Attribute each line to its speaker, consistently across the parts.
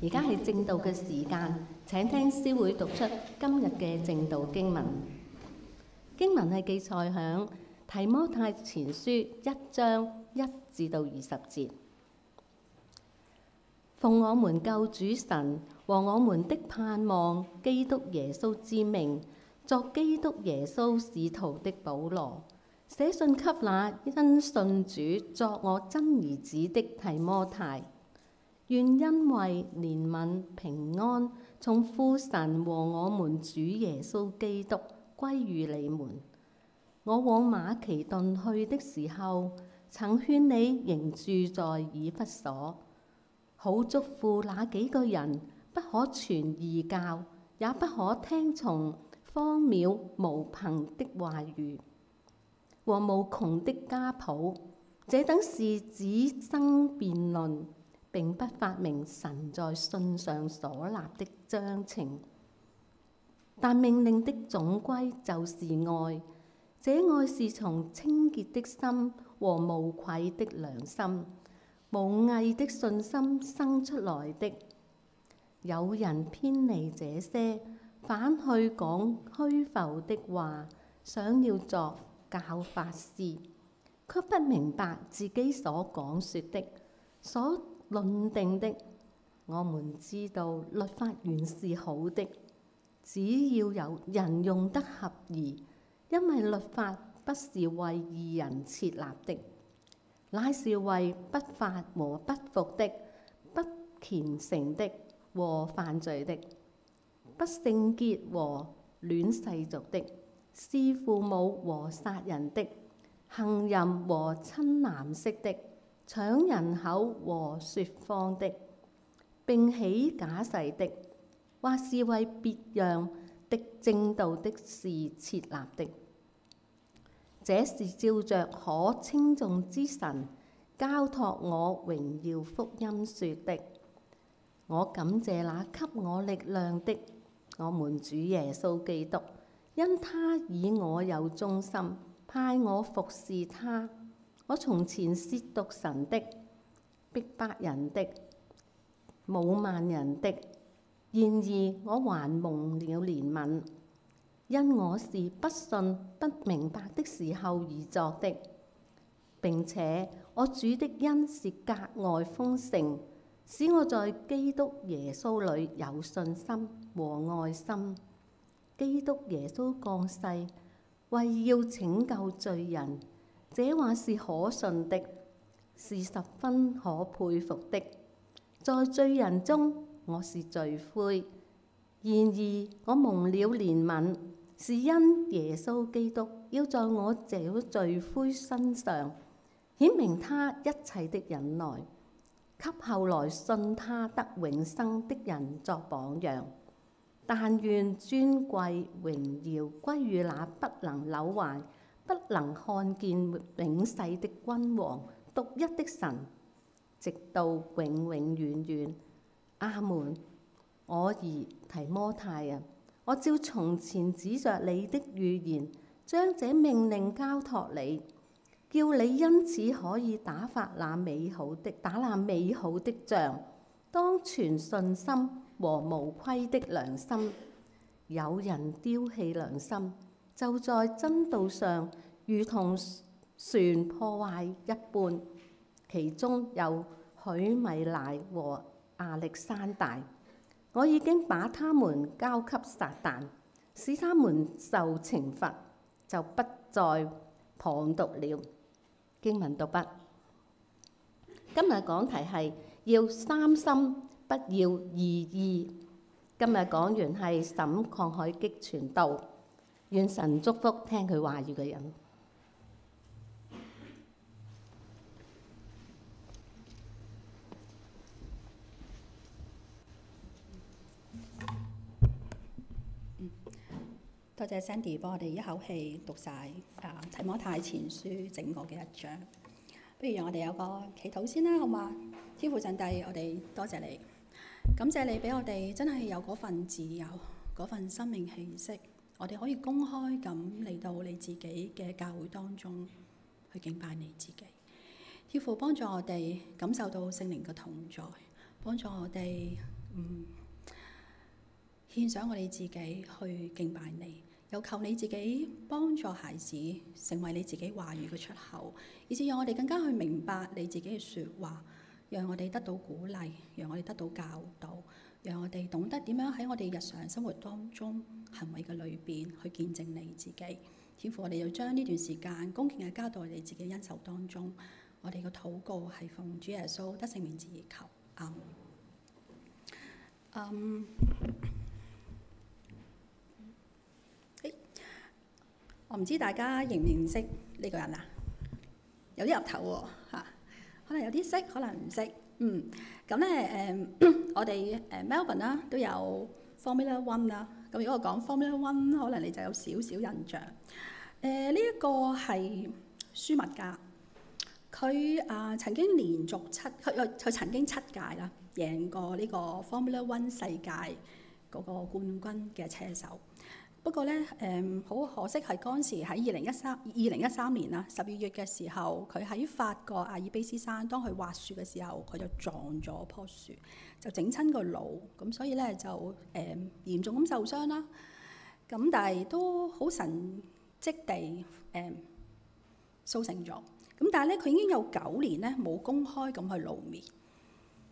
Speaker 1: 而家係正道嘅時間，請聽司會讀出今日嘅正道經文。經文係記載喺提摩太前書一章一至到二十節。奉我們救主神和我們的盼望基督耶穌之命，作基督耶穌使徒的保羅，寫信給那因信主作我真兒子的提摩太。願恩惠憐憫平安，從父神和我們主耶穌基督歸於你們。我往馬其頓去的時候，曾勸你仍住在以弗所，好囑咐那幾個人，不可傳異教，也不可聽從荒渺無憑的話語和無窮的家譜，這等事只爭辯論。並不發明神在信上所立的章程，但命令的總歸就是愛。這愛是從清潔的心和無虧的良心、無偽的信心生出來的。有人偏離這些，反去講虛浮的話，想要作教法師，卻不明白自己所講說的，所。論定的，我們知道律法原是好的，只要有人用得合宜。因為律法不是為義人設立的，乃是為不法和不服的、不虔誠的和犯罪的、不聖潔和戀世俗的、弒父母和殺人的、行淫和親男色的。搶人口和説謊的，並起假誓的，或是為別樣的正道的事設立的，這是照着可稱頌之神交託我榮耀福音説的。我感謝那給我力量的，我們主耶穌基督，因他以我有忠心，派我服侍他。我從前是褻瀆神的，逼迫人的，侮慢人的，然而我還蒙了憐憫，因我是不信不明白的時候而作的。並且我主的恩是格外豐盛，使我在基督耶穌裏有信心和愛心。基督耶穌降世，為要拯救罪人。這話是可信的，是十分可佩服的。在罪人中，我是罪魁，然而我蒙了憐憫，是因耶穌基督要在我這罪魁身上顯明他一切的忍耐，給後來信他得永生的人作榜樣。但願尊貴榮耀歸於那不能朽壞。不能看見永世的君王，獨一的神，直到永永遠遠。阿門。我兒提摩太啊，我照從前指着你的預言，將這命令交託你，叫你因此可以打發那美好的，打那美好的仗，當存信心和無愧的良心。有人丟棄良心。就在真道上，如同船破壞一般，其中有許米乃和亞歷山大，我已經把他們交給撒但，使他們受懲罰，就不再謗瀆了。經文讀畢。今日講題係要三心，不要二意。今日講完係沈抗海激傳道。願神祝福聽佢話語嘅人。嗯。
Speaker 2: 多謝 Sandy 幫我哋一口氣讀晒啊《提摩太前書》整個嘅一章。不如讓我哋有個祈禱先啦，好嘛？天父上帝，我哋多謝你，感謝你俾我哋真係有嗰份自由，嗰份生命氣息。我哋可以公開咁嚟到你自己嘅教會當中去敬拜你自己，要乎幫助我哋感受到聖靈嘅同在，幫助我哋嗯獻上我哋自己去敬拜你，又求你自己幫助孩子成為你自己話語嘅出口，以至讓我哋更加去明白你自己嘅説話，讓我哋得到鼓勵，讓我哋得到教導。讓我哋懂得點樣喺我哋日常生活當中行為嘅裏邊去見證你自己，天父，我哋要將呢段時間恭敬嘅交待你自己的恩手當中，我哋嘅禱告係奉主耶穌得勝名字而求。嗯，誒，我唔知大家認唔認識呢個人啊？有啲入頭喎、啊啊、可能有啲識，可能唔識。嗯，咁咧誒，我哋誒 Melbourne 啦都有 Formula One 啦。咁如果講 Formula One，可能你就有少少印象。誒呢一個係舒馬格，佢啊、呃、曾經連續七佢佢曾經七屆啦贏過呢個 Formula One 世界嗰個冠軍嘅車手。不過咧，誒好可惜係嗰陣時喺二零一三二零一三年啦，十二月嘅時候，佢喺法國阿爾卑斯山當佢滑雪嘅時候，佢就撞咗樖樹，就整親個腦，咁所以咧就誒嚴重咁受傷啦。咁但係都好神蹟地誒蘇醒咗。咁但係咧，佢已經有九年咧冇公開咁去露面，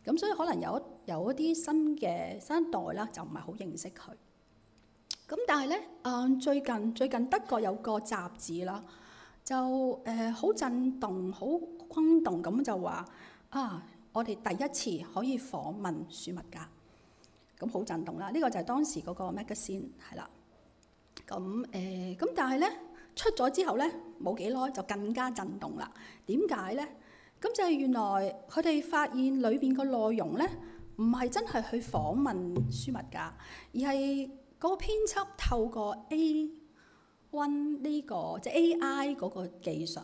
Speaker 2: 咁所以可能有有一啲新嘅新一代啦，就唔係好認識佢。咁但係咧，誒最近最近德國有個雜誌啦，就誒好、呃、震動、好轟動咁就話啊，我哋第一次可以訪問書物架，咁好震動啦。呢、這個就係當時嗰個 magazine 係啦。咁誒咁，但係咧出咗之後咧，冇幾耐就更加震動啦。點解咧？咁就係原來佢哋發現裏邊個內容咧，唔係真係去訪問書物架，而係，嗰個編輯透過 A One 呢、這個即係、就是、AI 嗰個技術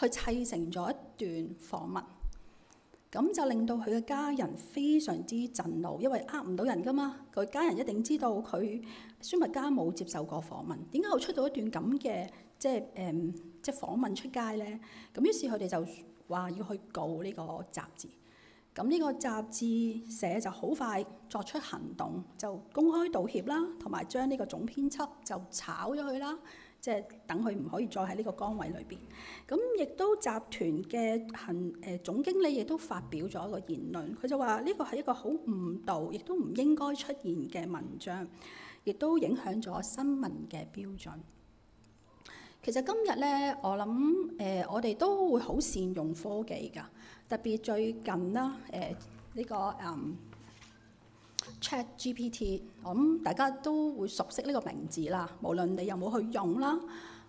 Speaker 2: 去砌成咗一段訪問，咁就令到佢嘅家人非常之震怒，因為呃唔到人㗎嘛。佢家人一定知道佢孫物家冇接受過訪問，點解會出到一段咁嘅即係誒、呃、即係訪問出街咧？咁於是佢哋就話要去告呢個雜誌。咁呢個雜誌社就好快作出行動，就公開道歉啦，同埋將呢個總編輯就炒咗佢啦，即係等佢唔可以再喺呢個崗位裏邊。咁亦都集團嘅行誒總經理亦都發表咗一個言論，佢就話呢個係一個好誤導，亦都唔應該出現嘅文章，亦都影響咗新聞嘅標準。其實今日咧，我諗誒、呃，我哋都會好善用科技㗎。特別最近啦，誒、呃、呢、這個、嗯、ChatGPT，我諗大家都會熟悉呢個名字啦。無論你有冇去用啦，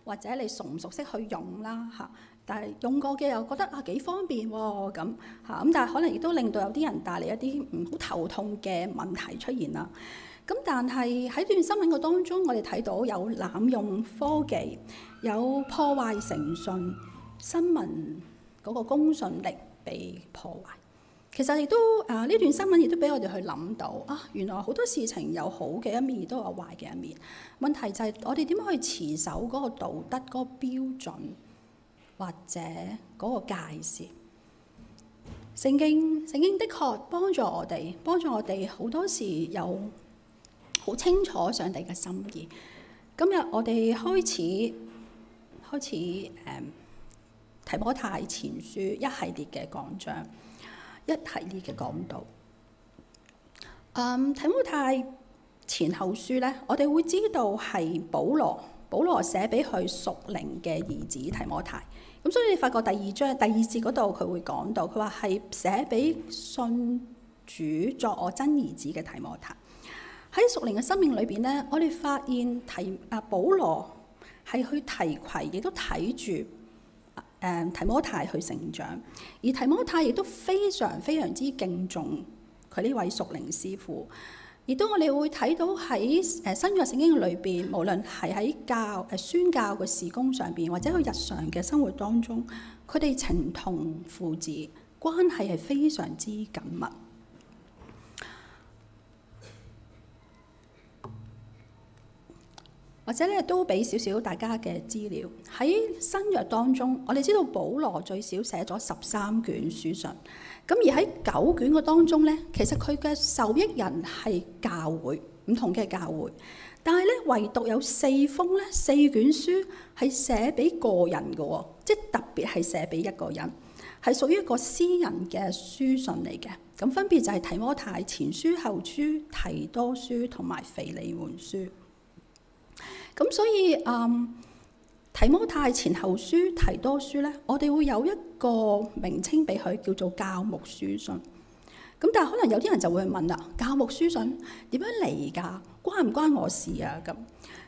Speaker 2: 或者你熟唔熟悉去用啦嚇，但係用過嘅又覺得啊幾方便喎咁嚇咁，但係可能亦都令到有啲人帶嚟一啲唔好頭痛嘅問題出現啦。咁但係喺段新聞嘅當中，我哋睇到有濫用科技，有破壞誠信新聞嗰個公信力。被破壞，其實亦都啊呢段新聞亦都俾我哋去諗到啊，原來好多事情有好嘅一面，亦都有壞嘅一面。問題就係我哋點樣去持守嗰個道德嗰個標準，或者嗰個界線？聖經聖經的確幫助我哋，幫助我哋好多時有好清楚上帝嘅心意。今日我哋開始開始誒。嗯提摩太前書一系列嘅講章，一系列嘅講道。嗯，提摩太前後書咧，我哋會知道係保羅保羅寫俾佢屬靈嘅兒子提摩太。咁、嗯、所以你發覺第二章第二節嗰度佢會講到，佢話係寫俾信主作我真兒子嘅提摩太。喺屬靈嘅生命裏邊咧，我哋發現提啊保羅係去提攜，亦都睇住。誒提摩太去成長，而提摩太亦都非常非常之敬重佢呢位屬靈師傅，亦都我哋會睇到喺誒新約聖經裏邊，無論係喺教誒宣教嘅事工上邊，或者佢日常嘅生活當中，佢哋情同父子，關係係非常之緊密。或者咧都俾少少大家嘅資料，喺新約當中，我哋知道保羅最少寫咗十三卷書信，咁而喺九卷嘅當中咧，其實佢嘅受益人係教會，唔同嘅教會。但係咧，唯獨有四封咧，四卷書係寫俾個人嘅喎，即係特別係寫俾一個人，係屬於一個私人嘅書信嚟嘅。咁分別就係提摩太前書、後書、提多書同埋腓利門書。咁所以，嗯，提摩太前後書、提多書咧，我哋會有一個名稱俾佢叫做教牧書信。咁但係可能有啲人就會問啦：教牧書信點樣嚟㗎？關唔關我事啊？咁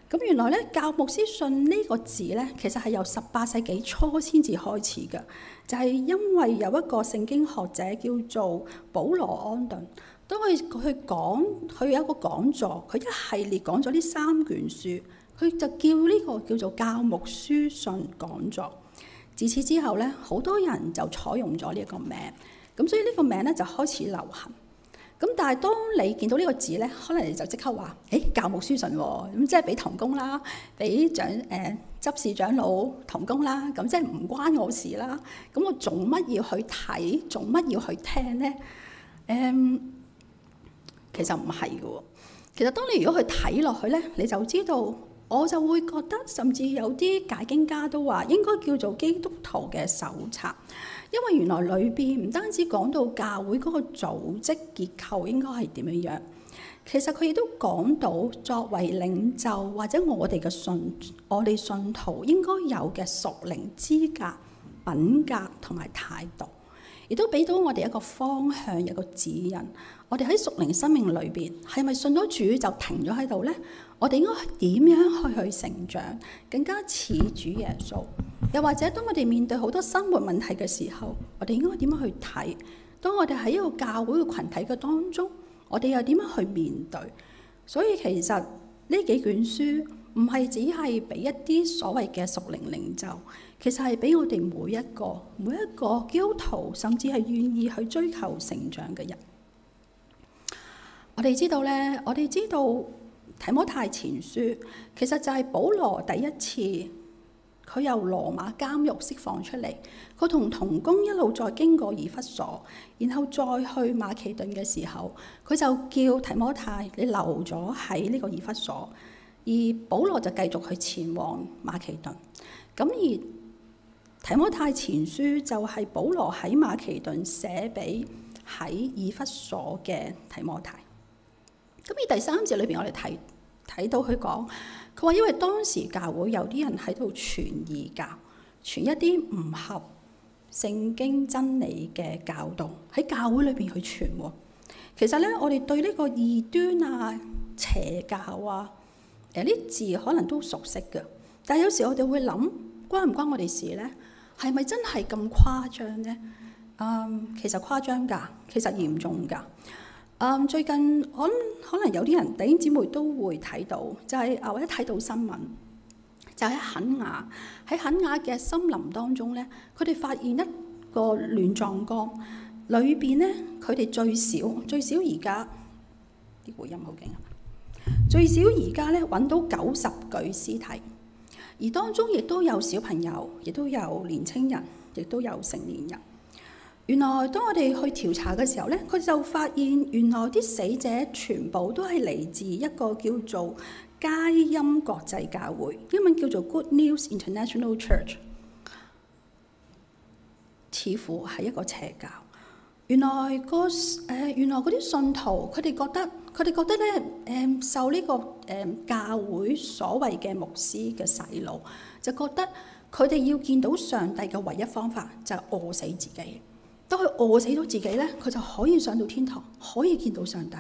Speaker 2: 咁原來咧，教牧書信呢個字咧，其實係由十八世紀初先至開始嘅。就係因為有一個聖經學者叫做保羅安頓，都可以佢講，佢有一個講座，佢一系列講咗呢三卷書。佢就叫呢個叫做教牧書信講座。自此之後咧，好多人就採用咗呢一個名，咁所以呢個名咧就開始流行。咁但係當你見到呢個字咧，可能你就即刻話：誒、欸、教牧書信喎、哦，咁即係俾同工啦，俾長誒、呃、執事長老同工啦，咁即係唔關我事啦。咁我做乜要去睇，做乜要去聽咧？誒、嗯，其實唔係嘅。其實當你如果去睇落去咧，你就知道。我就會覺得，甚至有啲解經家都話，應該叫做基督徒嘅手冊，因為原來裏邊唔單止講到教會嗰個組織結構應該係點樣樣，其實佢亦都講到作為領袖或者我哋嘅信我哋信徒應該有嘅屬靈資格、品格同埋態度。亦都俾到我哋一個方向，一個指引。我哋喺屬靈生命裏邊，係咪信到主就停咗喺度呢？我哋應該點樣去去成長，更加似主耶穌？又或者當我哋面對好多生活問題嘅時候，我哋應該點樣去睇？當我哋喺一個教會嘅群體嘅當中，我哋又點樣去面對？所以其實呢幾卷書，唔係只係俾一啲所謂嘅屬靈領袖，其實係俾我哋每一個每一個基督徒，甚至係願意去追求成長嘅人。我哋知道咧，我哋知道提摩太前書其實就係保羅第一次佢由羅馬監獄釋放出嚟，佢同同工一路再經過以弗所，然後再去馬其頓嘅時候，佢就叫提摩太你留咗喺呢個以弗所。而保羅就繼續去前往馬其頓。咁而提摩太前書就係保羅喺馬其頓寫俾喺以弗所嘅提摩太。咁而第三節裏邊，我哋睇睇到佢講，佢話因為當時教會有啲人喺度傳異教，傳一啲唔合聖經真理嘅教導喺教會裏邊去傳喎。其實咧，我哋對呢個異端啊、邪教啊～誒啲字可能都熟悉嘅，但係有時我哋會諗，關唔關我哋事咧？係咪真係咁誇張咧？嗯，其實誇張㗎，其實嚴重㗎。嗯，最近我諗可，可能有啲人弟兄姊妹都會睇到，就係、是、啊，或者睇到新聞，就喺肯亞喺肯亞嘅森林當中咧，佢哋發現一個亂葬崗，裏邊咧佢哋最少最少而家啲回音好勁。最少而家呢揾到九十具屍體，而當中亦都有小朋友，亦都有年青人，亦都有成年人。原來當我哋去調查嘅時候呢，佢就發現原來啲死者全部都係嚟自一個叫做佳音國際教會，英文叫做 Good News International Church，似乎係一個邪教。原來、嗰個、呃、原來嗰啲信徒佢哋覺得。佢哋覺得咧，誒、嗯、受呢、這個誒、嗯、教會所謂嘅牧師嘅洗腦，就覺得佢哋要見到上帝嘅唯一方法就係餓死自己。當佢餓死咗自己咧，佢就可以上到天堂，可以見到上帝。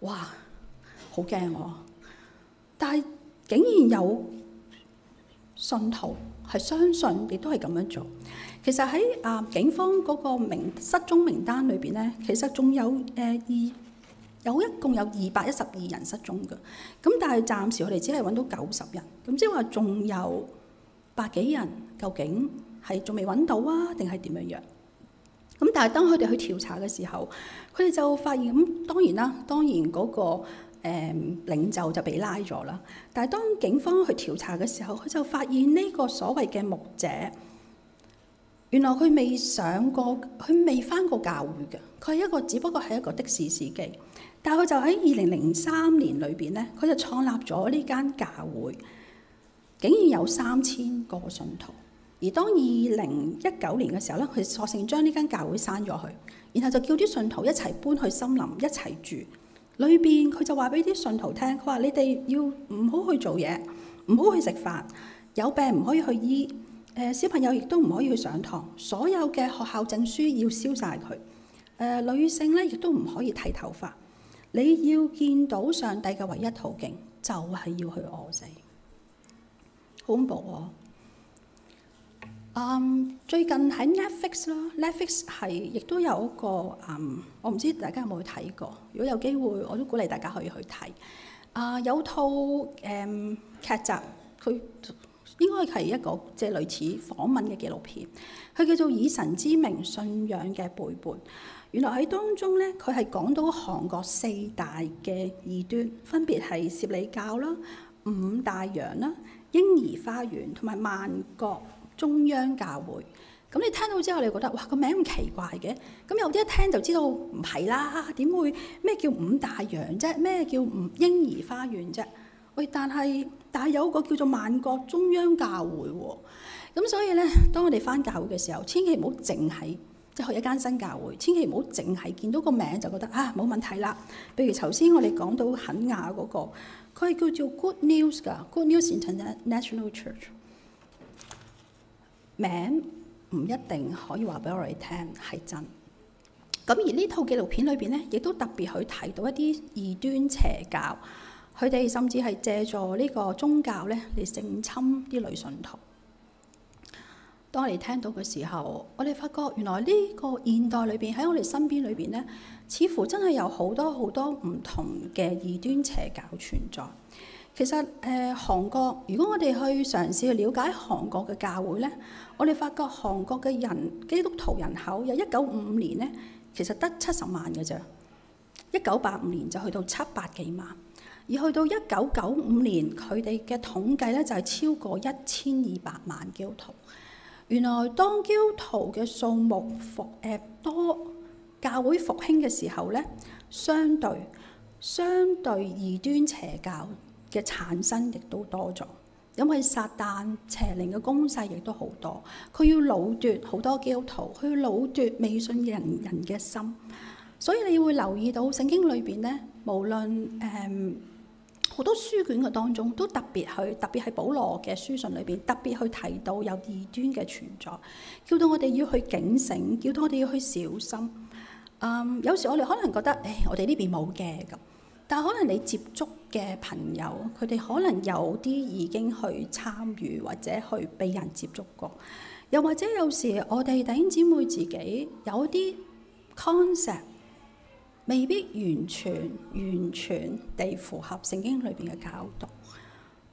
Speaker 2: 哇，好驚喎、啊！但係竟然有信徒係相信亦都係咁樣做。其實喺啊警方嗰個名失蹤名單裏邊咧，其實仲有誒二。呃有一共有二百一十二人失蹤嘅，咁但係暫時佢哋只係揾到九十人，咁即係話仲有百幾人，究竟係仲未揾到啊？定係點樣樣？咁但係當佢哋去調查嘅時候，佢哋就發現咁當然啦，當然嗰、那個誒、呃、領袖就被拉咗啦。但係當警方去調查嘅時候，佢就發現呢個所謂嘅牧者，原來佢未上過，佢未返過教會嘅，佢係一個只不過係一個的士司機。但佢就喺二零零三年裏邊咧，佢就創立咗呢間教會，竟然有三千個信徒。而當二零一九年嘅時候咧，佢索性將呢間教會刪咗佢，然後就叫啲信徒一齊搬去森林一齊住。裏邊佢就話俾啲信徒聽，佢話你哋要唔好去做嘢，唔好去食飯，有病唔可以去醫。誒、呃、小朋友亦都唔可以去上堂，所有嘅學校證書要燒晒佢。誒、呃、女性咧亦都唔可以剃頭髮。你要見到上帝嘅唯一途徑，就係、是、要去餓死。恐怖啊、哦！Um, 最近喺 Netflix 啦，Netflix 係亦都有一個嗯，um, 我唔知大家有冇去睇過。如果有機會，我都鼓勵大家可以去睇。啊、uh，有套誒劇集，佢應該係一個即係類似訪問嘅紀錄片，佢叫做《以神之名信仰嘅背叛》。原來喺當中咧，佢係講到韓國四大嘅異端，分別係攝理教啦、五大洋啦、嬰兒花園同埋萬國中央教會。咁你聽到之後，你覺得哇，個名咁奇怪嘅？咁有啲一聽就知道唔係啦，點會咩叫五大洋啫？咩叫嬰兒花園啫？喂，但係但係有個叫做萬國中央教會喎。咁所以咧，當我哋返教會嘅時候，千祈唔好淨係。去一間新教會，千祈唔好淨係見到個名就覺得啊，冇問題啦。譬如頭先我哋講到肯亞嗰個，佢係叫做 Good News 噶，Good News International Church。名唔一定可以話俾我哋聽係真。咁而呢套紀錄片裏邊咧，亦都特別去提到一啲異端邪教，佢哋甚至係借助呢個宗教咧嚟性侵啲女信徒。當我哋聽到嘅時候，我哋發覺原來呢個現代裏邊喺我哋身邊裏邊呢，似乎真係有好多好多唔同嘅異端邪教存在。其實誒，韓國，如果我哋去嘗試去了解韓國嘅教會呢，我哋發覺韓國嘅人基督徒人口有一九五五年呢，其實得七十萬嘅啫，一九八五年就去到七百幾萬，而去到一九九五年佢哋嘅統計呢，就係超過一千二百萬基督徒。原來當基督徒嘅數目復誒多，教會復興嘅時候咧，相對相對異端邪教嘅產生亦都多咗，因為撒旦邪靈嘅攻勢亦都好多，佢要擄奪好多基督徒，去擄奪未信人人嘅心，所以你會留意到聖經裏邊咧，無論誒。嗯好多書卷嘅當中都特別去，特別係保羅嘅書信裏邊特別去提到有異端嘅存在，叫到我哋要去警醒，叫到我哋要去小心。嗯、um，有時我哋可能覺得，誒、哎，我哋呢邊冇嘅咁，但係可能你接觸嘅朋友，佢哋可能有啲已經去參與或者去俾人接觸過，又或者有時我哋弟兄姊妹自己有啲 concept。未必完全完全地符合聖經裏邊嘅教導。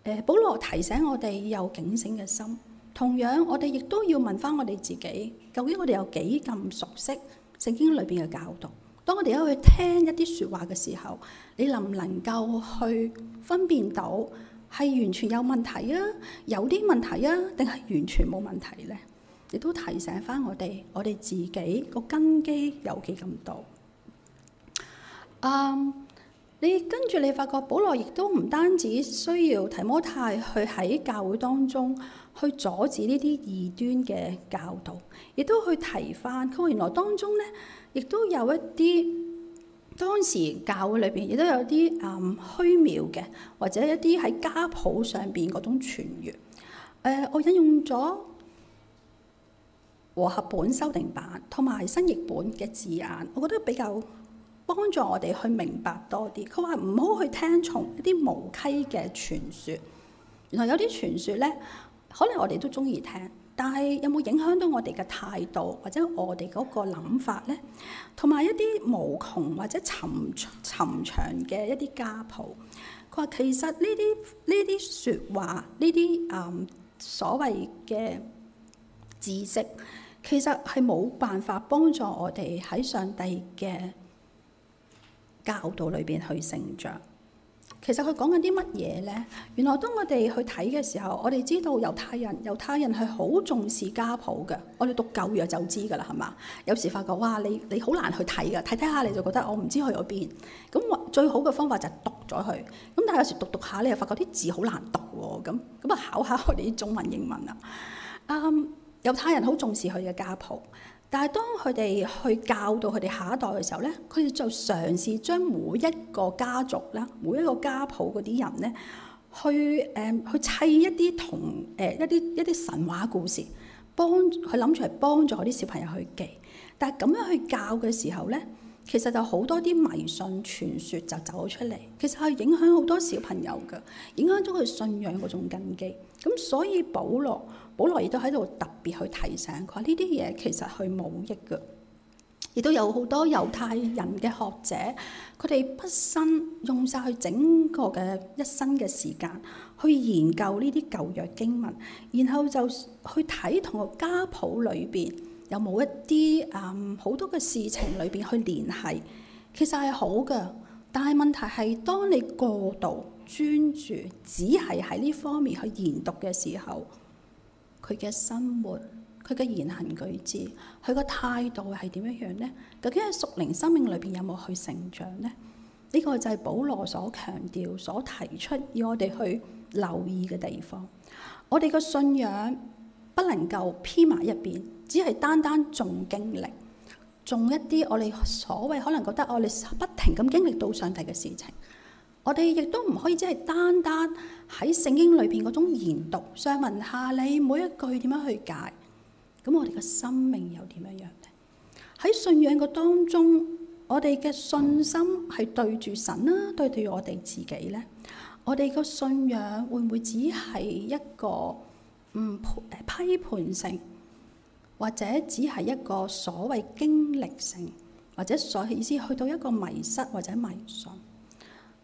Speaker 2: 呃，保羅提醒我哋有警醒嘅心，同樣我哋亦都要問翻我哋自己，究竟我哋有幾咁熟悉聖經裏邊嘅教導？當我哋一去聽一啲說話嘅時候，你能唔能夠去分辨到係完全有問題啊？有啲問題啊？定係完全冇問題呢？亦都提醒翻我哋，我哋自己個根基有幾咁多？誒，um, 你跟住你發覺，保羅亦都唔單止需要提摩太去喺教會當中去阻止呢啲異端嘅教導，亦都去提翻。佢原來當中呢，亦都有一啲當時教會裏邊亦都有一啲誒虛渺嘅，或者一啲喺家譜上邊嗰種傳説，呃。我引用咗和合本修訂版同埋新譯本嘅字眼，我覺得比較，幫助我哋去明白多啲。佢話唔好去聽從一啲無稽嘅傳說，然後有啲傳說咧，可能我哋都中意聽，但係有冇影響到我哋嘅態度或者我哋嗰個諗法咧？同埋一啲無窮或者冗冗長嘅一啲家譜。佢話其實呢啲呢啲説話，呢啲誒所謂嘅知識，其實係冇辦法幫助我哋喺上帝嘅。教導裏邊去成長，其實佢講緊啲乜嘢呢？原來當我哋去睇嘅時候，我哋知道猶太人，猶太人係好重視家譜嘅。我哋讀舊約就知㗎啦，係嘛？有時發覺哇，你你好難去睇嘅，睇睇下你就覺得我唔知去咗邊。咁最好嘅方法就係讀咗佢。咁但係有時讀讀下，你又發覺啲字好難讀喎。咁咁啊考下我哋啲中文英文啦。嗯，um，猶太人好重視佢嘅家譜。但係當佢哋去教到佢哋下一代嘅時候咧，佢哋就嘗試將每一個家族啦、每一個家譜嗰啲人咧，去誒、呃、去砌一啲同誒、呃、一啲一啲神話故事，幫佢諗住係幫助啲小朋友去記。但係咁樣去教嘅時候咧，其實就好多啲迷信傳說就走出嚟，其實係影響好多小朋友嘅，影響咗佢信仰嗰種根基。咁所以保羅。保羅亦都喺度特別去提醒佢話：呢啲嘢其實係冇益嘅，亦都有好多猶太人嘅學者，佢哋畢生用晒佢整個嘅一生嘅時間去研究呢啲舊約經文，然後就去睇同個家譜裏邊有冇一啲啊好多嘅事情裏邊去聯繫，其實係好嘅。但係問題係，當你過度專注，只係喺呢方面去研讀嘅時候。佢嘅生活，佢嘅言行舉止，佢嘅態度係點樣樣呢？究竟喺屬靈生命裏邊有冇去成長呢？呢、這個就係保羅所強調、所提出要我哋去留意嘅地方。我哋嘅信仰不能夠偏埋一邊，只係單單重經歷，重一啲我哋所謂可能覺得我哋不停咁經歷到上帝嘅事情。我哋亦都唔可以只係單單喺聖經裏邊嗰種研讀上文下理每一句點樣去解，咁我哋嘅生命又點樣樣呢？喺信仰嘅當中，我哋嘅信心係對住神啦，對住我哋自己咧，我哋個信仰會唔會只係一個唔批判性，或者只係一個所謂經歷性，或者所意思去到一個迷失或者迷信？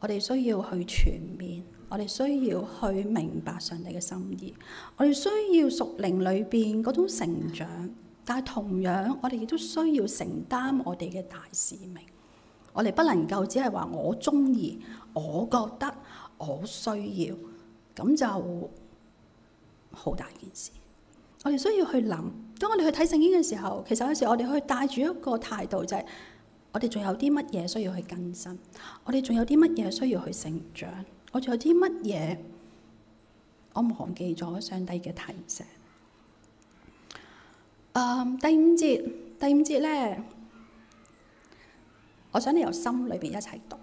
Speaker 2: 我哋需要去全面，我哋需要去明白上帝嘅心意，我哋需要屬靈裏邊嗰種成長，但係同樣我哋亦都需要承擔我哋嘅大使命。我哋不能夠只係話我中意，我覺得我需要，咁就好大件事。我哋需要去諗，當我哋去睇聖經嘅時候，其實有時我哋去帶住一個態度就係、是。我哋仲有啲乜嘢需要去更新？我哋仲有啲乜嘢需要去成長？我仲有啲乜嘢我忘記咗上帝嘅提醒？誒、um，第五節，第五節咧，我想你由心裏邊一齊讀。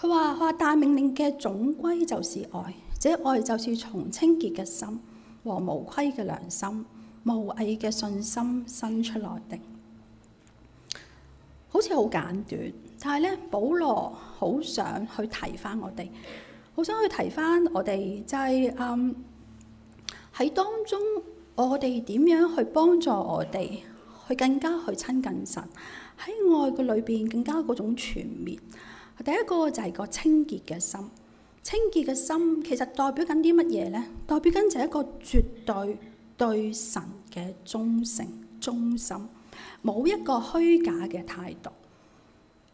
Speaker 2: 佢話：佢話大命令嘅總歸就是愛，這愛就是從清潔嘅心和無虧嘅良心、無偽嘅信心生出來的。好似好簡短，但係咧，保羅好想去提翻我哋，好想去提翻我哋就係，嗯，喺當中我哋點樣去幫助我哋，去更加去親近神，喺愛嘅裏邊更加嗰種全面。第一個就係個清潔嘅心，清潔嘅心其實代表緊啲乜嘢呢？代表緊就係一個絕對對神嘅忠誠、忠心。冇一個虛假嘅態度，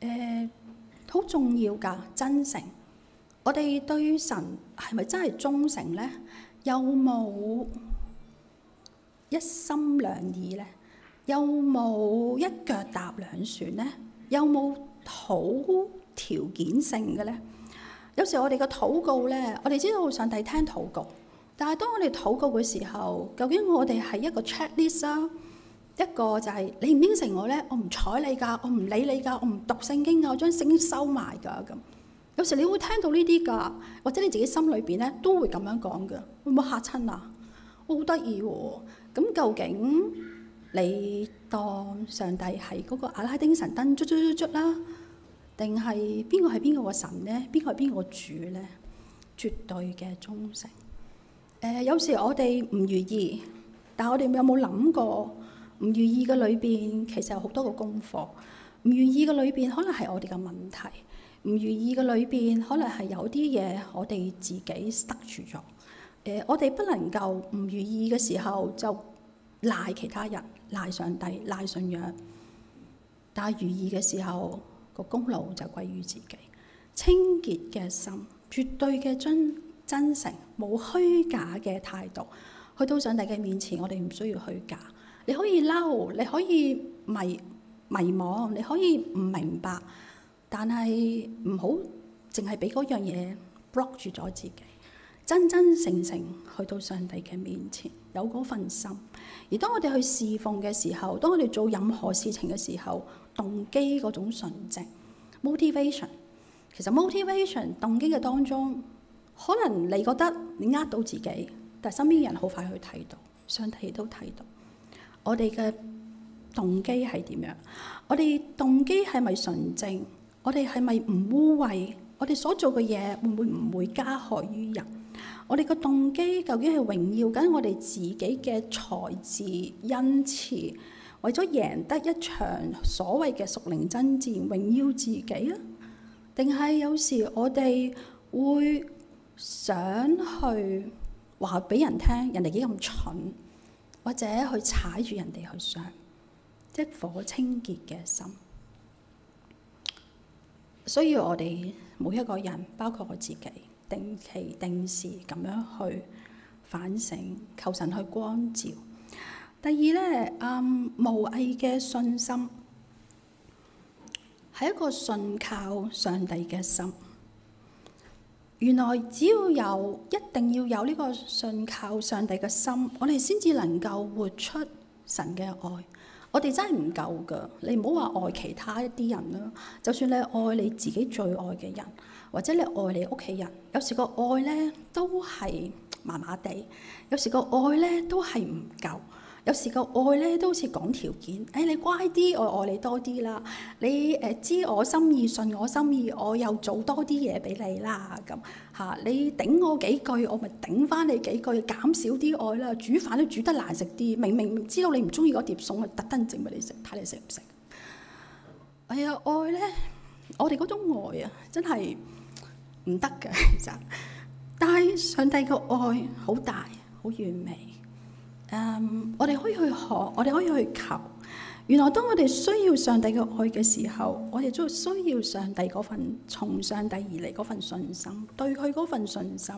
Speaker 2: 誒、呃，好重要㗎真誠。我哋對神係咪真係忠誠咧？有冇一心兩意咧？有冇一腳踏兩船咧？有冇好條件性嘅咧？有時我哋嘅禱告咧，我哋知道上帝聽禱告，但係當我哋禱告嘅時候，究竟我哋係一個 checklist 啊？一個就係你唔應承我咧，我唔睬你㗎，我唔理你㗎，我唔讀聖經呀，我將聖經收埋㗎咁。有時你會聽到呢啲㗎，或者你自己心裏邊咧都會咁樣講嘅。會唔會嚇親啊？我好得意喎。咁究竟你當上帝係嗰個阿拉丁神燈，卒卒卒卒啦，定係邊個係邊個個神咧？邊個係邊個主咧？絕對嘅忠誠。誒、呃，有時我哋唔如意，但我哋有冇諗過？唔如意嘅裏邊其實有好多嘅功課，唔如意嘅裏邊可能係我哋嘅問題，唔如意嘅裏邊可能係有啲嘢我哋自己塞住咗。誒、呃，我哋不能夠唔如意嘅時候就賴其他人、賴上帝、賴信仰，但係如意嘅時候個功勞就歸於自己。清潔嘅心，絕對嘅真真誠，冇虛假嘅態度，去到上帝嘅面前，我哋唔需要虛假。你可以嬲，你可以迷迷惘，你可以唔明白，但係唔好淨係俾嗰樣嘢 block 住咗自己，真真正正去到上帝嘅面前，有嗰份心。而當我哋去侍奉嘅時候，當我哋做任何事情嘅時候，動機嗰種純正 motivation，其實 motivation 動機嘅當中，可能你覺得你呃到自己，但係身邊嘅人好快去睇到，上帝亦都睇到。我哋嘅動機係點樣？我哋動機係咪純正？我哋係咪唔污穢？我哋所做嘅嘢會唔會唔會加害於人？我哋嘅動機究竟係榮耀緊我哋自己嘅才智恩賜，為咗贏得一場所謂嘅屬靈爭戰，榮耀自己啊？定係有時我哋會想去話俾人聽，人哋幾咁蠢？或者去踩住人哋去上，一顆清潔嘅心。所以，我哋每一個人，包括我自己，定期、定時咁樣去反省，求神去光照。第二咧，啊、嗯、無偽嘅信心係一個信靠上帝嘅心。原來只要有，一定要有呢個信靠上帝嘅心，我哋先至能夠活出神嘅愛。我哋真係唔夠㗎，你唔好話愛其他一啲人啦，就算你愛你自己最愛嘅人，或者你愛你屋企人，有時個愛呢都係麻麻地，有時個愛呢都係唔夠。有時個愛咧都好似講條件，誒你乖啲，我愛你多啲啦。你誒知我心意，信我心意，我又做多啲嘢俾你啦。咁嚇你頂我幾句，我咪頂翻你幾句，減少啲愛啦。煮飯都煮得難食啲，明明知道你唔中意嗰碟餸，特登整俾你食，睇你食唔食。哎呀，愛咧，我哋嗰種愛啊，真係唔得嘅，其實。但係上帝嘅愛好大，好完美。Um, 我哋可以去學，我哋可以去求。原來當我哋需要上帝嘅愛嘅時候，我哋都需要上帝嗰份從上帝而嚟嗰份信心，對佢嗰份信心。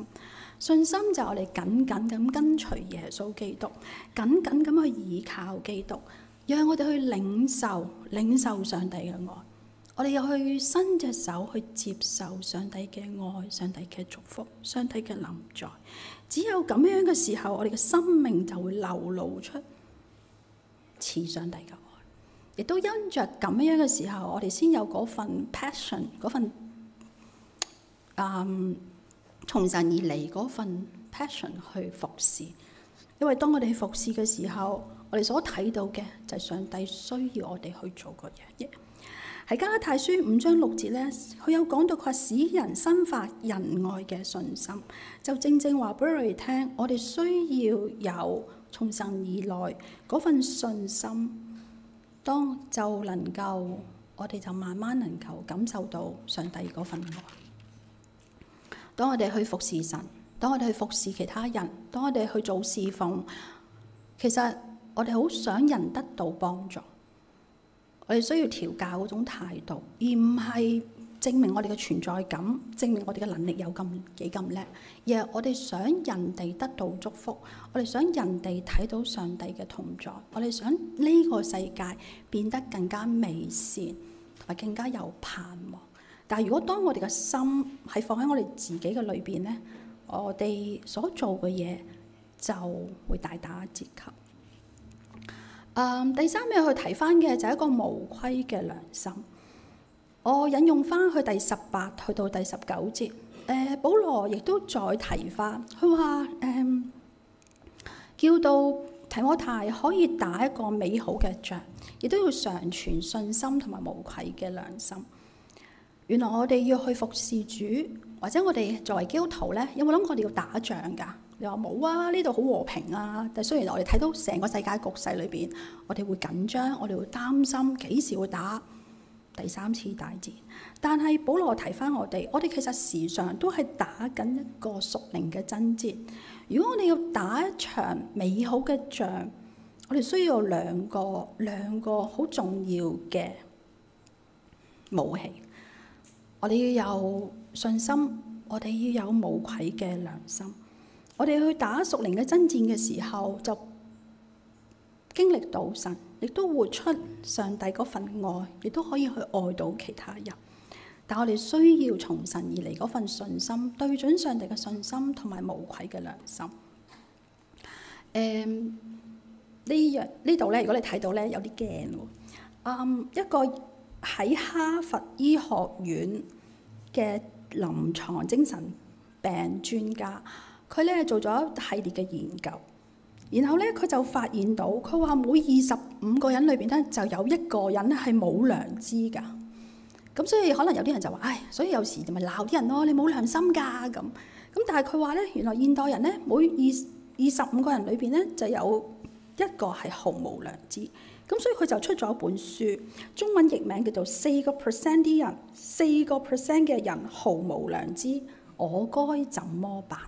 Speaker 2: 信心就係我哋緊緊咁跟隨耶穌基督，緊緊咁去倚靠基督，讓我哋去領受領受上帝嘅愛，我哋又去伸隻手去接受上帝嘅愛，上帝嘅祝福，上帝嘅臨在。只有咁樣嘅時候，我哋嘅生命就會流露出慈上帝嘅愛，亦都因着咁樣嘅時候，我哋先有嗰份 passion，嗰份嗯從神而嚟嗰份 passion 去服侍。因為當我哋服侍嘅時候，我哋所睇到嘅就係上帝需要我哋去做嗰樣嘢。Yeah. 喺《加拉太書》五章六節呢，佢有講到佢使人生發仁愛嘅信心，就正正話俾我哋聽，我哋需要有從神而來嗰份信心，當就能夠我哋就慢慢能夠感受到上帝嗰份愛。當我哋去服侍神，當我哋去服侍其他人，當我哋去做侍奉，其實我哋好想人得到幫助。我哋需要調教嗰種態度，而唔係證明我哋嘅存在感，證明我哋嘅能力有咁幾咁叻，而係我哋想人哋得到祝福，我哋想人哋睇到上帝嘅同在，我哋想呢個世界變得更加美善，同埋更加有盼望。但係如果當我哋嘅心係放喺我哋自己嘅裏邊咧，我哋所做嘅嘢就會大打折扣。Um, 第三樣去提翻嘅就係一個無愧嘅良心。我引用翻去第十八去到第十九節，呃，保羅亦都再提翻，佢話、呃、叫到提摩太可以打一個美好嘅仗，亦都要常存信心同埋無愧嘅良心。原來我哋要去服侍主，或者我哋作為基督徒呢，有冇諗過我哋要打仗㗎？你話冇啊？呢度好和平啊！但雖然我哋睇到成個世界局勢裏邊，我哋會緊張，我哋會擔心幾時會打第三次大戰。但係保羅提返我哋，我哋其實時常都係打緊一個屬靈嘅爭戰。如果我哋要打一場美好嘅仗，我哋需要兩個兩個好重要嘅武器。我哋要有信心，我哋要有無愧嘅良心。我哋去打屬靈嘅爭戰嘅時候，就經歷到神，亦都活出上帝嗰份愛，亦都可以去愛到其他人。但我哋需要從神而嚟嗰份信心，對準上帝嘅信心同埋無愧嘅良心。誒、嗯、呢樣呢度咧，如果你睇到咧有啲驚喎。啊、嗯，一個喺哈佛醫學院嘅臨床精神病專家。佢咧做咗一系列嘅研究，然後咧佢就發現到，佢話每二十五個人裏邊咧就有一個人咧係冇良知㗎。咁所以可能有啲人就話：唉，所以有時就咪鬧啲人咯，你冇良心㗎咁。咁但係佢話咧，原來現代人咧每二二十五個人裏邊咧就有一個係毫無良知。咁所以佢就出咗一本書，中文譯名叫做《四個 percent 啲人，四個 percent 嘅人毫無良知，我該怎麼辦》。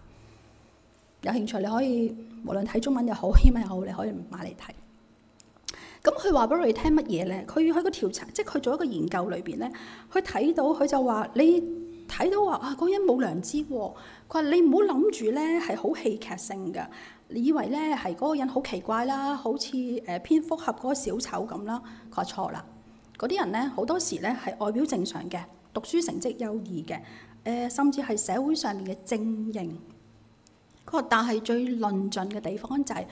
Speaker 2: 有興趣你可以無論睇中文又好英文又好，你可以買嚟睇。咁佢話俾我哋聽乜嘢咧？佢去個調查，即係佢做一個研究裏邊咧，佢睇到佢就話：你睇到話啊，嗰人冇良知喎。佢話你唔好諗住咧係好戲劇性嘅，你以為咧係嗰個人好奇怪啦，好似誒蝙蝠俠嗰個小丑咁啦。佢話錯啦，嗰啲人咧好多時咧係外表正常嘅，讀書成績優異嘅，誒甚至係社會上面嘅精英。但係最論盡嘅地方就係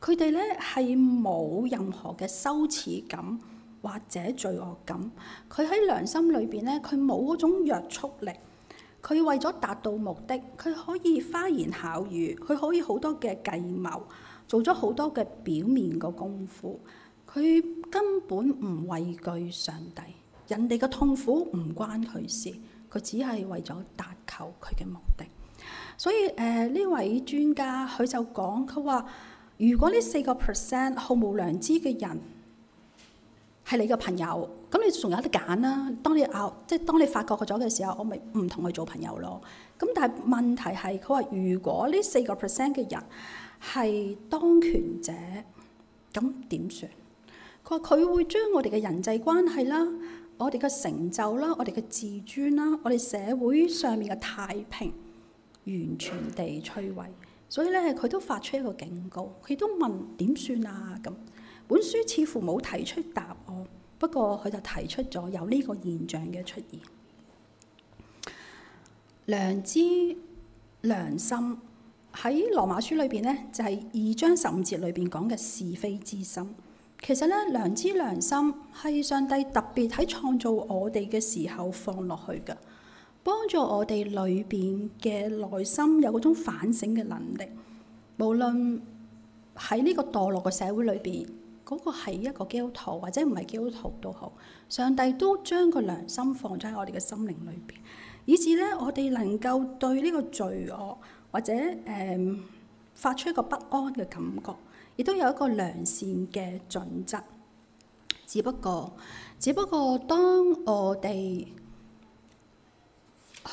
Speaker 2: 佢哋咧係冇任何嘅羞恥感或者罪惡感，佢喺良心裏邊咧佢冇嗰種約束力，佢為咗達到目的，佢可以花言巧語，佢可以好多嘅計謀，做咗好多嘅表面嘅功夫，佢根本唔畏懼上帝，人哋嘅痛苦唔關佢事，佢只係為咗達求佢嘅目的。所以誒，呢、呃、位專家佢就講，佢話：如果呢四個 percent 毫無良知嘅人係你嘅朋友，咁你仲有得揀啦。當你咬即係當你發覺咗嘅時候，我咪唔同佢做朋友咯。咁但係問題係，佢話如果呢四個 percent 嘅人係當權者，咁點算？佢話佢會將我哋嘅人際關係啦、我哋嘅成就啦、我哋嘅自尊啦、我哋社會上面嘅太平，完全地摧毀，所以咧佢都發出一個警告，佢都問點算啊咁。本書似乎冇提出答案，不過佢就提出咗有呢個現象嘅出現。良知、良心喺羅馬書裏邊咧，就係二章十五節裏邊講嘅是非之心。其實咧，良知、良心係上帝特別喺創造我哋嘅時候放落去㗎。幫助我哋裏邊嘅內心有嗰種反省嘅能力，無論喺呢個墮落嘅社會裏邊，嗰、那個係一個基督徒或者唔係基督徒都好，上帝都將個良心放咗喺我哋嘅心靈裏邊，以至咧我哋能夠對呢個罪惡或者誒、嗯、發出一個不安嘅感覺，亦都有一個良善嘅準則。只不過，只不過當我哋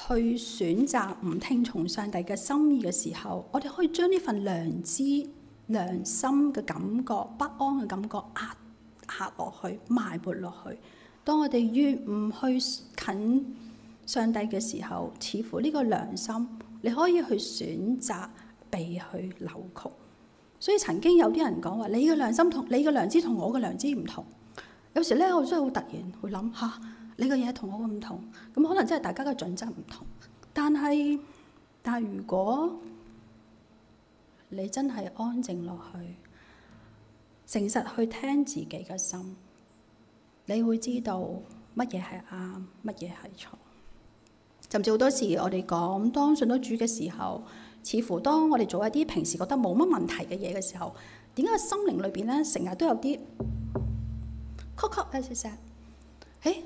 Speaker 2: 去選擇唔聽從上帝嘅心意嘅時候，我哋可以將呢份良知、良心嘅感覺、不安嘅感覺壓壓落去、埋沒落去。當我哋越唔去近上帝嘅時候，似乎呢個良心你可以去選擇被去扭曲。所以曾經有啲人講話：你嘅良心同你嘅良知同我嘅良知唔同。有時咧，我真係好突然會諗嚇。你個嘢同我個唔同，咁可能真係大家嘅準則唔同。但係，但係如果你真係安靜落去，誠實去聽自己嘅心，你會知道乜嘢係啱，乜嘢係錯。甚至好多時，我哋講當信到主嘅時候，似乎當我哋做一啲平時覺得冇乜問題嘅嘢嘅時候，點解心靈裏邊咧成日都有啲曲曲啊！石、哎、石，誒？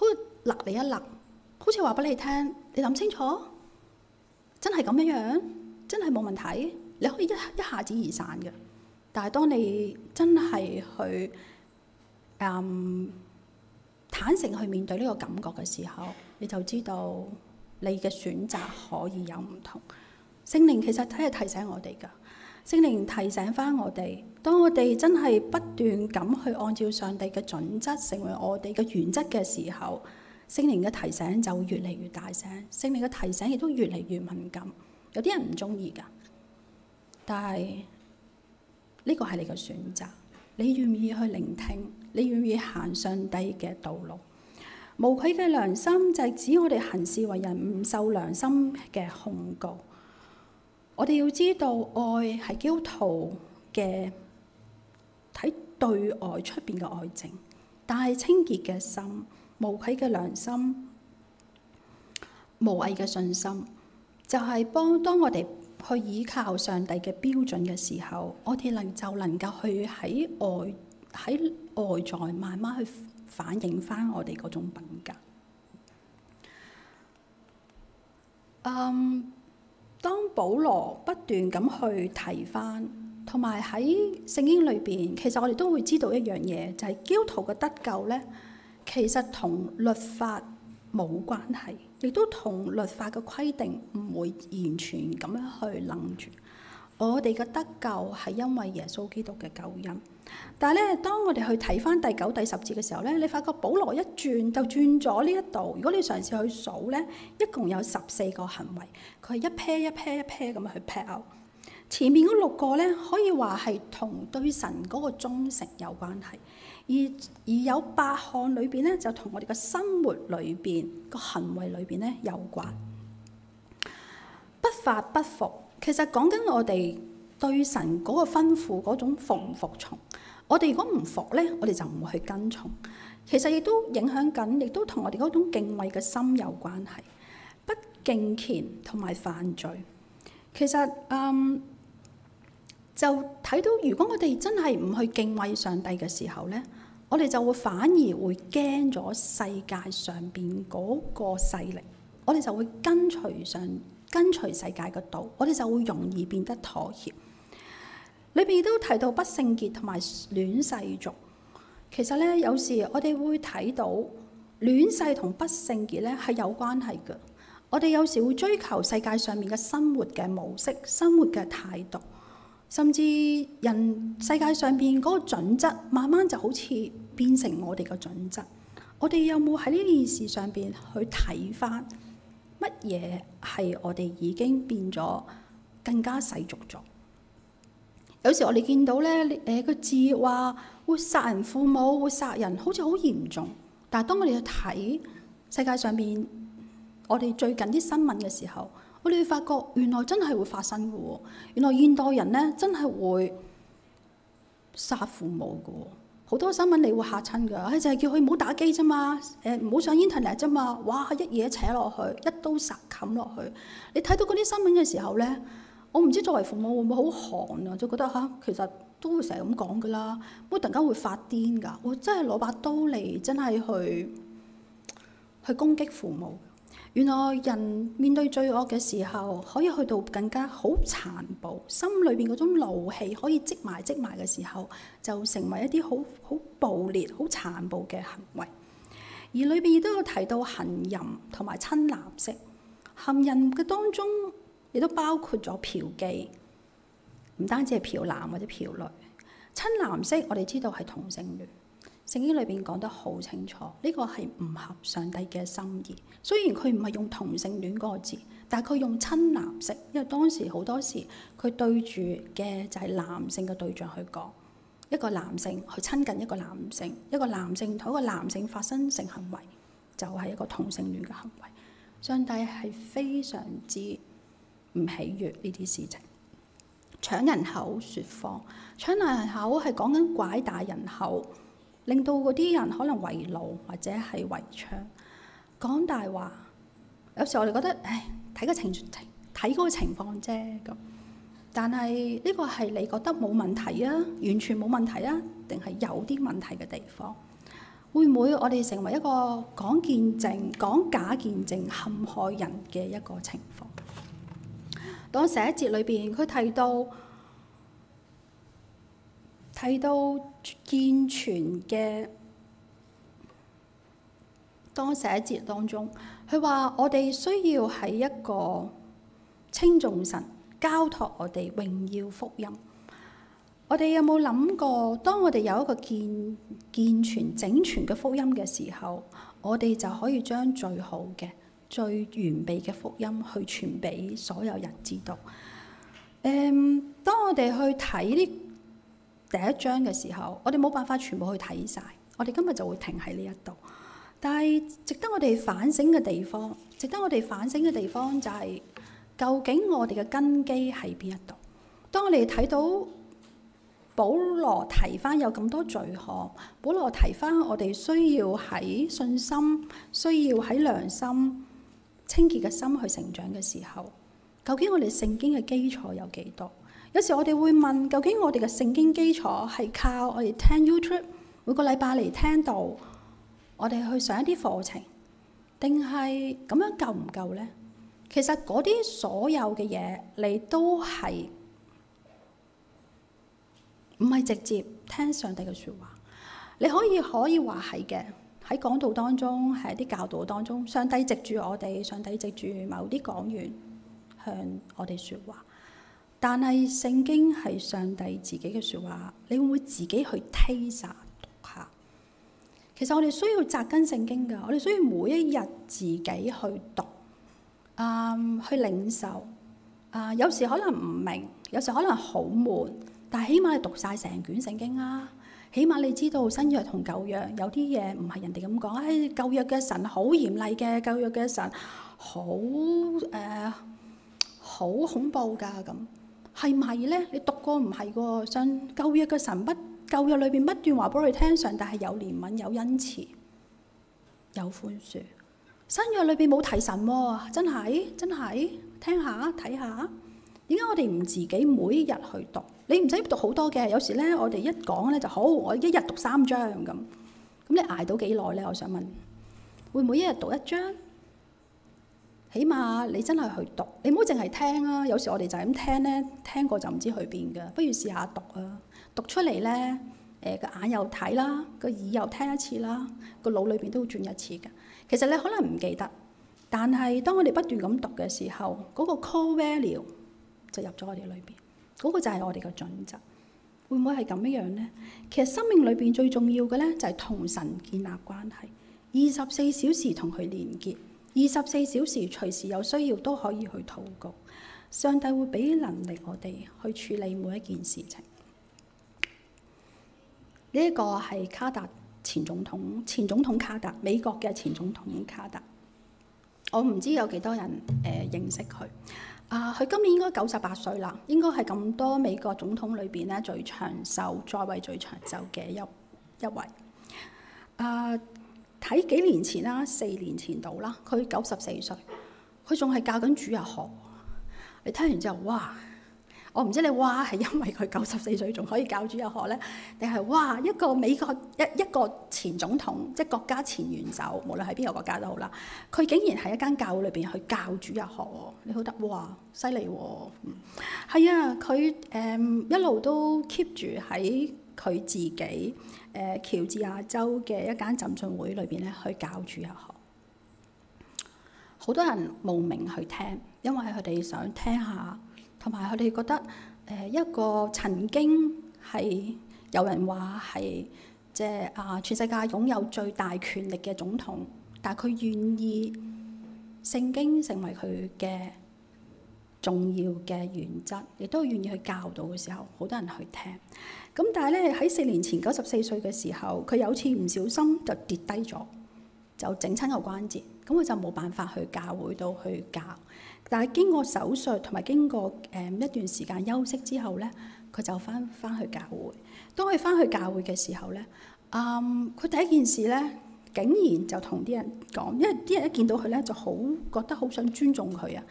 Speaker 2: 好揦你一揦，好似話俾你聽，你諗清楚，真係咁樣樣，真係冇問題，你可以一一下子而散嘅。但係當你真係去嗯坦誠去面對呢個感覺嘅時候，你就知道你嘅選擇可以有唔同。聖靈其實真係提醒我哋噶，聖靈提醒返我哋。當我哋真係不斷咁去按照上帝嘅準則成為我哋嘅原則嘅時候，聖靈嘅提醒就越嚟越大聲，聖靈嘅提醒亦都越嚟越敏感。有啲人唔中意㗎，但係呢個係你嘅選擇，你願意去聆聽，你願意行上帝嘅道路？無虧嘅良心就係指我哋行事為人唔受良心嘅控告。我哋要知道愛係基督徒嘅。喺對外出邊嘅外面愛情，但係清潔嘅心、無愧嘅良心、無偽嘅信心，就係、是、幫當我哋去依靠上帝嘅標準嘅時候，我哋能就能夠去喺外喺外在慢慢去反映翻我哋嗰種品格。嗯、um，當保羅不斷咁去提翻。同埋喺聖經裏邊，其實我哋都會知道一樣嘢，就係基督徒嘅得救咧，其實同律法冇關係，亦都同律法嘅規定唔會完全咁樣去擸住。我哋嘅得救係因為耶穌基督嘅救恩。但係咧，當我哋去睇翻第九、第十節嘅時候咧，你發覺保羅一轉就轉咗呢一度。如果你嘗試去數咧，一共有十四個行為，佢係一 pair 一 pair 一 pair 咁樣去 pair out。前面嗰六個咧，可以話係同對神嗰個忠誠有關係，而而有八項裏邊咧，就同我哋嘅生活裏邊個行為裏邊咧有關。不法不服，其實講緊我哋對神嗰個吩咐嗰種服唔服從。我哋如果唔服咧，我哋就唔會去跟從。其實亦都影響緊，亦都同我哋嗰種敬畏嘅心有關係。不敬虔同埋犯罪，其實嗯。Um, 就睇到，如果我哋真係唔去敬畏上帝嘅時候呢，我哋就會反而會驚咗世界上邊嗰個勢力。我哋就會跟隨上跟隨世界嘅道，我哋就會容易變得妥協。裏面都提到不聖潔同埋戀世俗。其實咧，有時我哋會睇到戀世同不聖潔咧係有關係嘅。我哋有時會追求世界上面嘅生活嘅模式、生活嘅態度。甚至人世界上邊嗰個準則，慢慢就好似變成我哋個準則，我哋有冇喺呢件事上邊去睇翻乜嘢係我哋已經變咗更加世俗咗？有時我哋見到咧，誒個字話會殺人父母會殺人，好似好嚴重。但係當我哋去睇世界上邊，我哋最近啲新聞嘅時候，我哋會發覺原來真係會發生㗎喎，原來現代人咧真係會殺父母㗎喎，好多新聞你會嚇親㗎，誒就係叫佢唔好打機啫嘛，誒唔好上 Internet 啫嘛，哇一嘢扯落去，一刀殺冚落去。你睇到嗰啲新聞嘅時候咧，我唔知作為父母會唔會好寒啊，就覺得吓、啊，其實都會成日咁講㗎啦，會突然間會發癲㗎，我真係攞把刀嚟真係去去攻擊父母。原來人面對罪惡嘅時候，可以去到更加好殘暴，心裏邊嗰種怒氣可以積埋積埋嘅時候，就成為一啲好好暴烈、好殘暴嘅行為。而裏邊亦都有提到行淫同埋親男色。行淫嘅當中，亦都包括咗嫖妓，唔單止係嫖男或者嫖女。親男色，我哋知道係同性戀。聖經裏邊講得好清楚，呢、這個係唔合上帝嘅心意。雖然佢唔係用同性戀嗰個字，但係佢用親男色，因為當時好多時佢對住嘅就係男性嘅對象去講，一個男性去親近一個男性，一個男性同一個男性發生性行為，就係、是、一個同性戀嘅行為。上帝係非常之唔喜悅呢啲事情。搶人口、說謊，搶人口係講緊拐帶人口。令到嗰啲人可能圍路或者係圍牆講大話，有時我哋覺得，唉，睇個情個情睇嗰情況啫咁。但係呢個係你覺得冇問題啊，完全冇問題啊，定係有啲問題嘅地方？會唔會我哋成為一個講見證、講假見證、陷害人嘅一個情況？當十一節裏邊佢提到。睇到健全嘅當寫字當中，佢話我哋需要喺一個稱頌神交託我哋榮耀福音。我哋有冇諗過，當我哋有一個健健，健全整全嘅福音嘅時候，我哋就可以將最好嘅、最完備嘅福音去傳俾所有人知道。誒、嗯，當我哋去睇呢？第一章嘅時候，我哋冇辦法全部去睇晒。我哋今日就會停喺呢一度。但係值得我哋反省嘅地方，值得我哋反省嘅地方就係，究竟我哋嘅根基喺邊一度？當我哋睇到保羅提翻有咁多罪行，保羅提翻我哋需要喺信心、需要喺良心、清潔嘅心去成長嘅時候，究竟我哋聖經嘅基礎有幾多？有時我哋會問，究竟我哋嘅聖經基礎係靠我哋聽 YouTube 每個禮拜嚟聽到，我哋去上一啲課程，定係咁樣夠唔夠呢？其實嗰啲所有嘅嘢，你都係唔係直接聽上帝嘅説話？你可以可以話係嘅，喺講道當中，喺一啲教導當中，上帝藉住我哋，上帝藉住某啲講員向我哋説話。但係聖經係上帝自己嘅説話，你會唔會自己去睇下讀下？其實我哋需要紮根聖經㗎，我哋需要每一日自己去讀，啊、嗯，去領受。啊、嗯，有時可能唔明，有時可能好悶，但係起碼你讀晒成卷聖經啊，起碼你知道新約同舊約，有啲嘢唔係人哋咁講。唉、哎，舊約嘅神好嚴厲嘅，舊約嘅神好誒好恐怖㗎咁。係咪咧？你讀過唔係喎？上舊約嘅神不舊約裏邊不斷話俾你哋聽，上帝係有憐憫、有恩慈、有寬恕。新約裏邊冇提神喎，啊，真係真係，聽下睇下。點解我哋唔自己每日去讀？你唔使讀好多嘅，有時咧我哋一講咧就好，我一日讀三章咁。咁你捱到幾耐咧？我想問，會唔會一日讀一章？起碼你真係去讀，你唔好淨係聽啊！有時我哋就係咁聽咧，聽過就唔知去邊噶。不如試下讀啊！讀出嚟咧，誒、呃、個眼又睇啦，個耳又聽一次啦，個腦裏邊都會轉一次噶。其實你可能唔記得，但係當我哋不斷咁讀嘅時候，嗰、那個 Core Value 就入咗我哋裏邊，嗰、那個就係我哋嘅準則。會唔會係咁樣樣咧？其實生命裏邊最重要嘅咧，就係、是、同神建立關係，二十四小時同佢連結。二十四小時隨時有需要都可以去禱告，上帝會俾能力我哋去處理每一件事情。呢一個係卡達前總統，前總統卡達，美國嘅前總統卡達。我唔知有幾多人誒、呃、認識佢啊？佢、呃、今年應該九十八歲啦，應該係咁多美國總統裏邊呢，最長壽，在位最長壽嘅一一位。啊、呃！睇幾年前啦，四年前度啦，佢九十四歲，佢仲係教緊主日學。你聽完之後，哇！我唔知你哇係因為佢九十四歲仲可以教主日學咧，定係哇一個美國一一個前總統，即係國家前元首，無論喺邊個國家都好啦，佢竟然喺一間教會裏邊去教主日學，你好得哇，犀利喎！係啊，佢、嗯、誒、啊嗯、一路都 keep 住喺佢自己。呃、喬治亞州嘅一間浸信會裏邊咧，去教主日學，好多人慕名去聽，因為佢哋想聽下，同埋佢哋覺得誒、呃、一個曾經係有人話係即係啊全世界擁有最大權力嘅總統，但佢願意聖經成為佢嘅重要嘅原則，亦都願意去教導嘅時候，好多人去聽。咁但係咧喺四年前九十四歲嘅時候，佢有次唔小心就跌低咗，就整親個關節，咁佢就冇辦法去教會度去教。但係經過手術同埋經過誒、呃、一段時間休息之後咧，佢就翻翻去教會。當佢翻去教會嘅時候咧，嗯，佢第一件事咧，竟然就同啲人講，因為啲人一見到佢咧就好覺得好想尊重佢啊。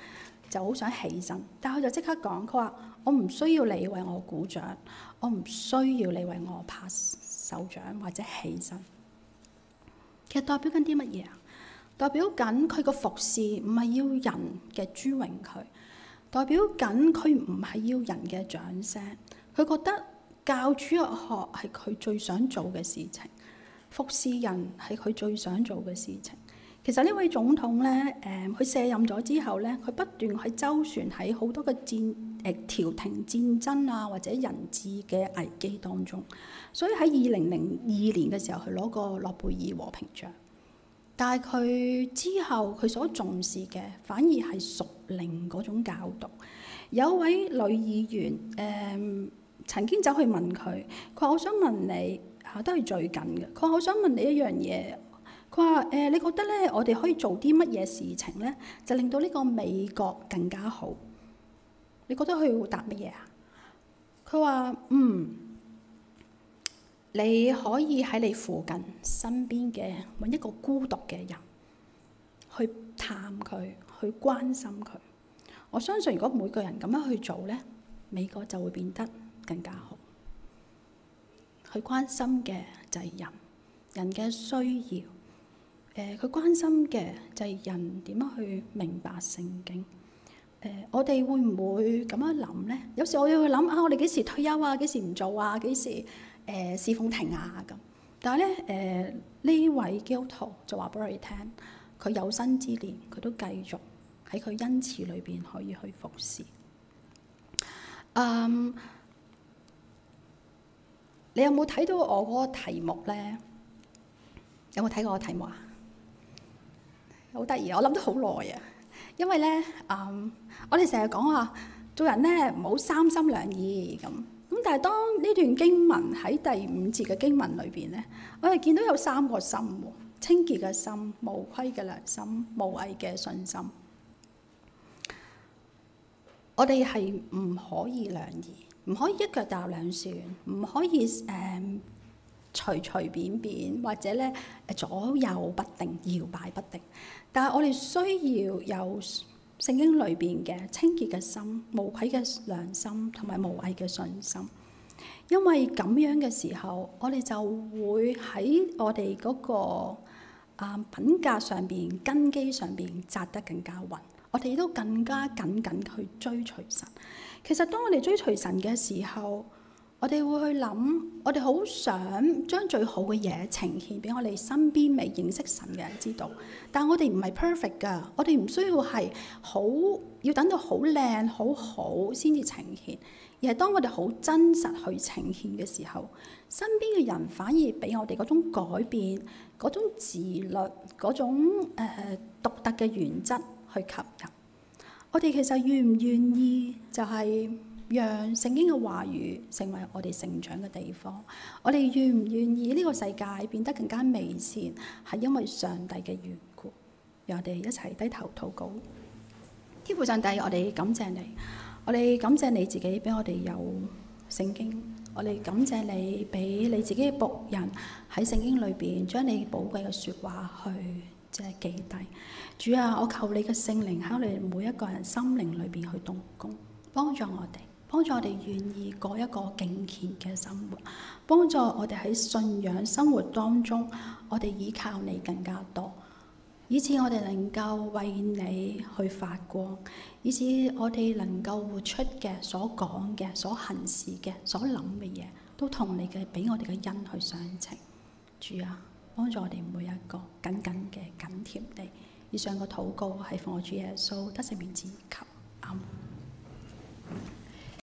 Speaker 2: 就好想起身，但佢就即刻講，佢話，我唔需要你為我鼓掌，我唔需要你為我拍手掌或者起身。其實代表緊啲乜嘢啊？代表緊佢個服侍唔係要人嘅尊榮佢，代表緊佢唔係要人嘅掌聲。佢覺得教主日學係佢最想做嘅事情，服侍人係佢最想做嘅事情。其實呢位總統咧，誒、呃，佢卸任咗之後咧，佢不斷喺周旋喺好多嘅戰誒調、呃、停戰爭啊，或者人質嘅危機當中。所以喺二零零二年嘅時候，佢攞過諾貝爾和平獎。但係佢之後佢所重視嘅，反而係屬靈嗰種教導。有一位女議員誒、呃、曾經走去問佢，佢話：我想問你嚇、啊，都係最近嘅。佢話：我想問你一樣嘢。話誒，你覺得咧，我哋可以做啲乜嘢事情咧，就令到呢個美國更加好？你覺得佢會答乜嘢啊？佢話：嗯，你可以喺你附近身邊嘅搵一個孤獨嘅人去探佢，去關心佢。我相信，如果每個人咁樣去做咧，美國就會變得更加好。去關心嘅就係人，人嘅需要。誒，佢、呃、關心嘅就係人點樣去明白聖經。誒、呃，我哋會唔會咁樣諗咧？有時我要去諗啊，我哋幾時退休啊？幾時唔做啊？幾時誒侍、呃、奉停啊？咁，但係咧誒，呢位基督徒就話俾我哋聽，佢有生之年佢都繼續喺佢恩慈裏邊可以去服侍。」嗯，你有冇睇到我嗰個題目咧？有冇睇過我題目啊？好得意，我諗得好耐啊，因為咧，嗯、um，我哋成日講話做人咧唔好三心兩意咁。咁但係當呢段經文喺第五節嘅經文裏邊咧，我哋見到有三個心，清潔嘅心、無虧嘅良心、無偽嘅信心。我哋係唔可以兩意，唔可以一腳踏兩船，唔可以誒。Um, 隨隨便便或者咧左右不定，搖擺不定，但係我哋需要有聖經裏邊嘅清潔嘅心、無愧嘅良心同埋無畏嘅信心，因為咁樣嘅時候，我哋就會喺我哋嗰個啊品格上邊、根基上邊紮得更加穩，我哋亦都更加緊緊去追隨神。其實當我哋追隨神嘅時候，我哋會去諗，我哋好想將最好嘅嘢呈現俾我哋身邊未認識神嘅人知道，但我哋唔係 perfect 噶，我哋唔需要係好，要等到好靚、好好先至呈現，而係當我哋好真實去呈現嘅時候，身邊嘅人反而俾我哋嗰種改變、嗰種自律、嗰種誒、呃、獨特嘅原則去吸引。我哋其實願唔願意就係、是？讓聖經嘅話語成為我哋成長嘅地方。我哋願唔願意呢個世界變得更加微善，係因為上帝嘅緣故。讓我哋一齊低頭禱告。天父上帝，我哋感謝你，我哋感謝你自己，俾我哋有聖經。我哋感謝你俾你自己嘅僕人喺聖經裏邊將你寶貴嘅說話去即係記低。主啊，我求你嘅聖靈喺我哋每一個人心靈裏邊去動工，幫助我哋。幫助我哋願意過一個敬虔嘅生活，幫助我哋喺信仰生活當中，我哋依靠你更加多，以致我哋能夠為你去發光，以致我哋能夠活出嘅所講嘅、所行事嘅、所諗嘅嘢，都同你嘅俾我哋嘅恩去相稱。主啊，幫助我哋每一個緊緊嘅緊貼地。以上嘅禱告係奉主耶穌得勝名字求啱。